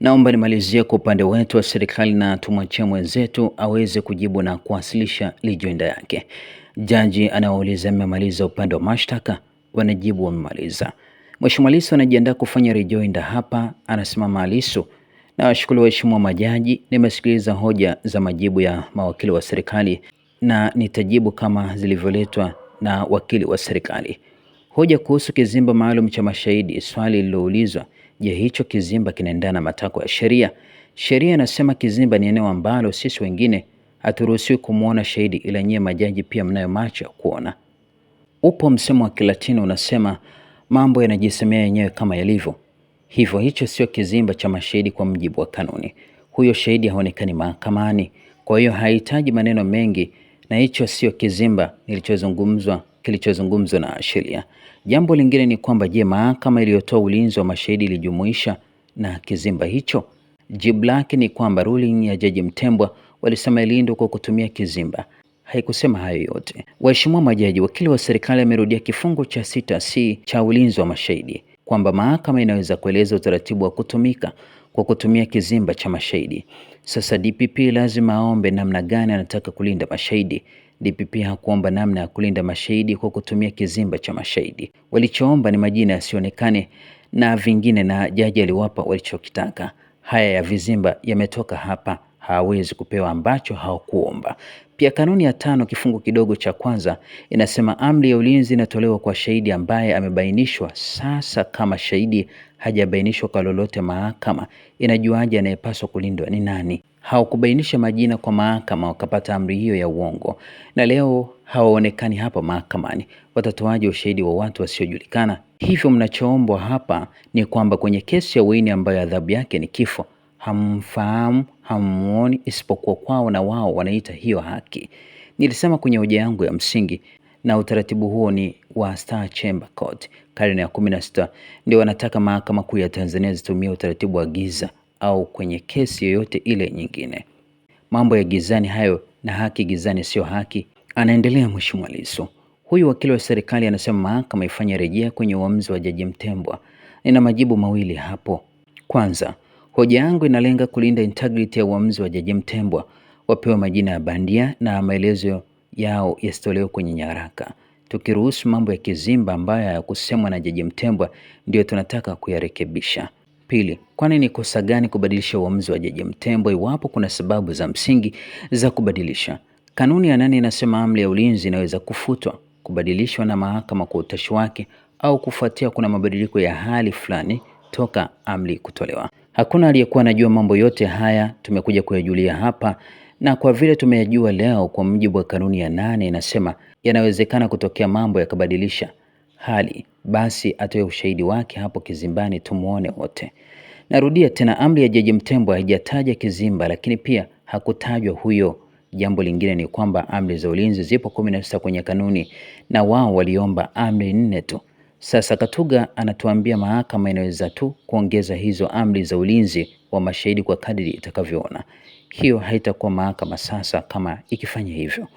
Naomba nimalizie kwa upande wetu wa serikali na tumwachie mwenzetu aweze kujibu na kuwasilisha lijoinda yake. Jaji anawauliza amemaliza upande wa mashtaka, wanajibu wamemaliza. Mheshimiwa Lissu anajiandaa kufanya rejoinda hapa, anasimama Lissu na waheshimiwa majaji, nimesikiliza hoja za majibu ya mawakili wa serikali na nitajibu kama zilivyoletwa na wakili wa serikali. Hoja kuhusu kizimba maalum cha mashahidi, swali lililoulizwa Je, hicho kizimba kinaendana na matakwa ya sheria? Sheria inasema kizimba ni eneo ambalo sisi wengine haturuhusiwi kumwona shahidi, ila nyie majaji pia mnayo macho ya kuona. Upo msemo wa Kilatini unasema mambo yanajisemea yenyewe kama yalivyo. Hivyo hicho sio kizimba cha mashahidi kwa mujibu wa kanuni. Huyo shahidi haonekani mahakamani, kwa hiyo hahitaji maneno mengi, na hicho sio kizimba nilichozungumzwa kilichozungumzwa na sheria. Jambo lingine ni kwamba, je, mahakama iliyotoa ulinzi wa mashahidi ilijumuisha na kizimba hicho? Jibu lake ni kwamba ruling ya Jaji Mtembwa walisema ilindwa kwa kutumia kizimba, haikusema hayo yote. Waheshimiwa majaji, wakili wa serikali amerudia kifungu cha sita c cha ulinzi wa mashahidi kwamba mahakama inaweza kueleza utaratibu wa kutumika kwa kutumia kizimba cha mashahidi. Sasa DPP lazima aombe namna gani anataka kulinda mashahidi. DPP hakuomba namna ya kulinda mashahidi kwa kutumia kizimba cha mashahidi. Walichoomba ni majina yasionekane na vingine, na jaji aliwapa walichokitaka. Haya ya vizimba yametoka hapa, hawezi kupewa ambacho hawakuomba. Pia kanuni ya tano kifungu kidogo cha kwanza inasema amri ya ulinzi inatolewa kwa shahidi ambaye amebainishwa. Sasa kama shahidi hajabainishwa kwa lolote, mahakama inajuaje anayepaswa kulindwa ni nani? hawakubainisha majina kwa mahakama wakapata amri hiyo ya uongo, na leo hawaonekani hapa mahakamani watatoaje ushahidi wa watu wasiojulikana? Hivyo mnachoombwa hapa ni kwamba kwenye kesi ya Wayne ambayo adhabu yake ni kifo, hamfahamu hamuoni, isipokuwa kwao na wao wanaita hiyo haki. Nilisema kwenye hoja yangu ya msingi na utaratibu huo ni wa Star Chamber Court. Karne ya 16 ndio wanataka mahakama kuu ya Tanzania zitumie utaratibu wa giza au kwenye kesi yoyote ile nyingine. Mambo ya gizani hayo, na haki gizani siyo haki, anaendelea Mheshimiwa Lissu. Huyu wakili wa serikali anasema mahakama ifanye rejea kwenye uamuzi wa Jaji Mtembwa. Nina majibu mawili hapo. Kwanza, hoja yangu inalenga kulinda integrity ya uamuzi wa Jaji Mtembwa, wapewa majina ya bandia na maelezo yao yasitolewe kwenye nyaraka. Tukiruhusu mambo ya kizimba ambayo hayakusemwa na Jaji Mtembwa, ndio tunataka kuyarekebisha. Pili, kwani ni kosa gani kubadilisha uamuzi wa Jaji Mtembo iwapo kuna sababu za msingi za kubadilisha? Kanuni ya nane inasema amri ya ulinzi inaweza kufutwa, kubadilishwa na mahakama kwa utashi wake au kufuatia kuna mabadiliko ya hali fulani toka amri kutolewa. Hakuna aliyekuwa anajua mambo yote haya, tumekuja kuyajulia hapa na kwa vile tumeyajua leo. Kwa mujibu wa kanuni ya nane inasema yanawezekana kutokea mambo yakabadilisha hali basi atoe ushahidi wake hapo kizimbani, tumuone wote. Narudia tena, amri ya Jaji Mtembo haijataja kizimba, lakini pia hakutajwa huyo. Jambo lingine ni kwamba amri za ulinzi zipo kumi na tisa kwenye kanuni na wao waliomba amri nne tu. Sasa Katuga anatuambia mahakama inaweza tu kuongeza hizo amri za ulinzi wa mashahidi kwa kadiri itakavyoona. Hiyo haitakuwa mahakama sasa kama ikifanya hivyo.